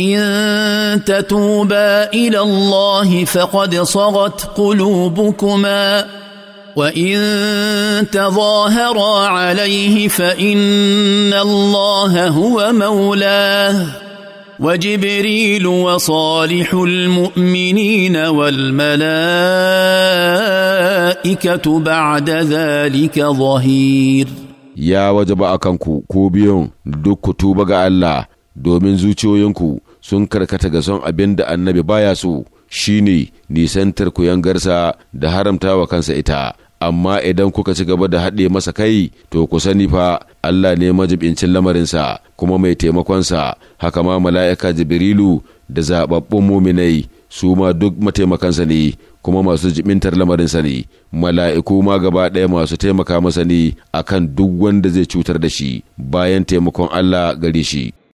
ان تتوبا الى الله فقد صغت قلوبكما وان تظاهرا عليه فان الله هو مولاه وجبريل وصالح المؤمنين والملائكه بعد ذلك ظهير يا وجب اكنكو كوبيون دوكو توبا الله domin zuciyoyinku sun karkata ga son abin da annabi baya so shine nisantar kuyangarsa da haramta wa kansa ita amma idan kuka ci gaba da haɗe masa kai to ku sani fa Allah ne majibincin lamarinsa kuma mai taimakonsa haka ma mala'ika jibrilu da zababbun muminai su ma duk mataimakansa ne kuma masu jibintar lamarinsa ne mala'iku ma gaba ɗaya masu taimaka masa ne akan duk wanda zai cutar da shi bayan taimakon Allah gare shi